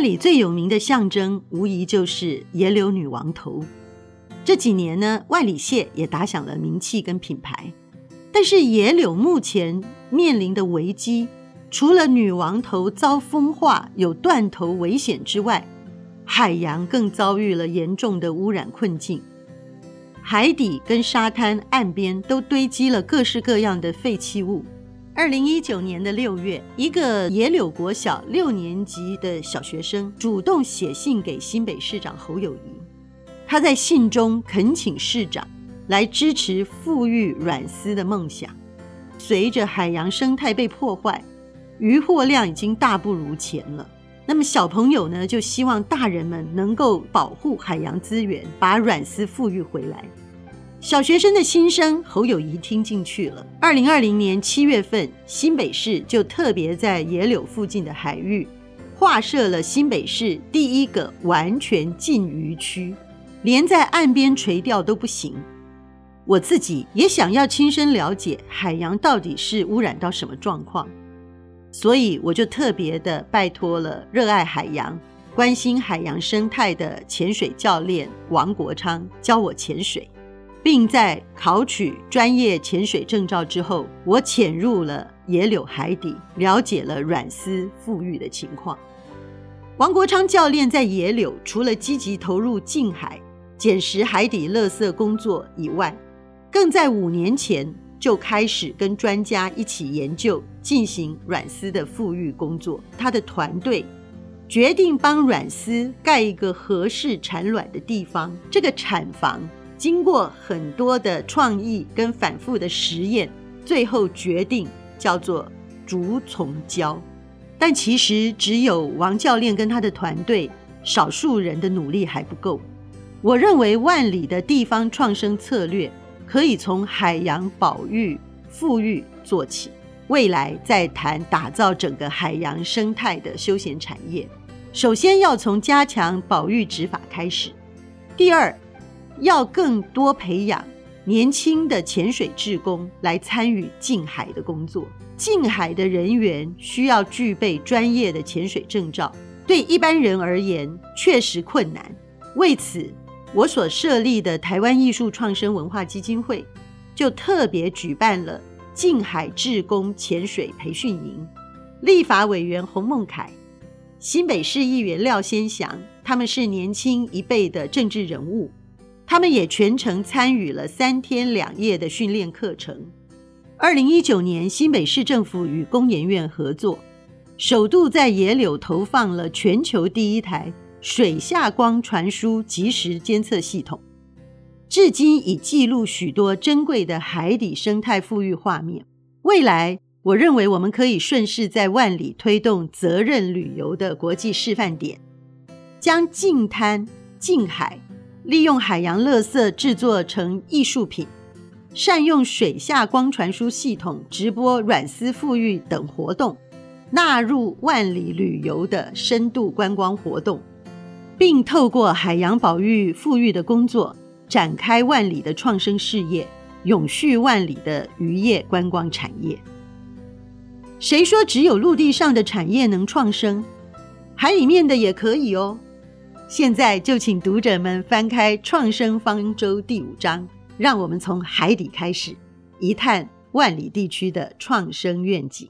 里最有名的象徵，無疑就是野柳女王頭。這幾年呢，萬里蟹也打響了名氣跟品牌。但是野柳目前面臨的危機，除了女王頭遭風化有斷頭危險之外，海洋更遭遇了嚴重的污染困境，海底跟沙灘岸邊都堆積了各式各樣的廢棄物。二零一九年的六月，一個野柳國小六年級的小學生主動寫信給新北市長侯友宜。他在信中懇請市長來支持復育軟絲的夢想。隨着海洋生態被破壞，漁獲量已經大不如前了。那麼小朋友呢，就希望大人們能夠保護海洋資源，把軟絲復育回來。小學生的心聲，侯友宜聽進去了。二零二零年七月份，新北市就特別在野柳附近的海域劃設了新北市第一個完全禁漁區，連在岸邊垂釣都不行。我自己也想要親身了解海洋到底是污染到什麼狀況，所以我就特別的拜託了熱愛海洋、關心海洋生態的潛水教練王國昌教我潛水。並在考取專業潛水證照之後，我潛入了野柳海底，了解了軟絲復育的情況。王國昌教練在野柳除了積極投入近海撿拾海底垃圾工作以外，更在五年前就開始跟專家一起研究進行軟絲的復育工作。他的團隊決定幫軟絲蓋一個合適產卵的地方，這個產房。經過很多的創意跟反覆的實驗，最後決定叫做竹叢礁。但其實只有王教練跟他的團隊少數人的努力還不夠。我認為萬里的地方創生策略可以從海洋保育、富裕做起，未來再談打造整個海洋生態的休閒產業。首先要從加強保育執法開始。第二。要更多培養年輕的潛水志工來參與近海的工作。近海的人員需要具備專業的潛水證照，對一般人而言確實困難。為此，我所設立的台灣藝術創生文化基金會就特別舉辦了近海志工潛水培訓營。立法委員洪孟楷，新北市議員廖先祥，他們是年輕一輩的政治人物。他們也全程參與了三天兩夜的訓練課程。二零一九年，新北市政府與工研院合作，首度在野柳投放了全球第一台水下光傳輸即時監測系統，至今已記錄許多珍貴的海底生態富裕畫面。未來，我認為我們可以順勢在萬里推動責任旅遊的國際示範點，將近灘近海，利用海洋垃圾製作成藝術品，善用水下光傳輸系統直播軟絲復育等活動，納入萬里旅遊的深度觀光活動，並透過海洋保育復育的工作，展開萬里的創生事業，永續萬里的漁業觀光產業。誰說只有陸地上的產業能創生？海裡面的也可以哦。現在就請讀者們翻開《創生方舟》第五章，讓我們從海底開始，一探萬里地區的創生願景。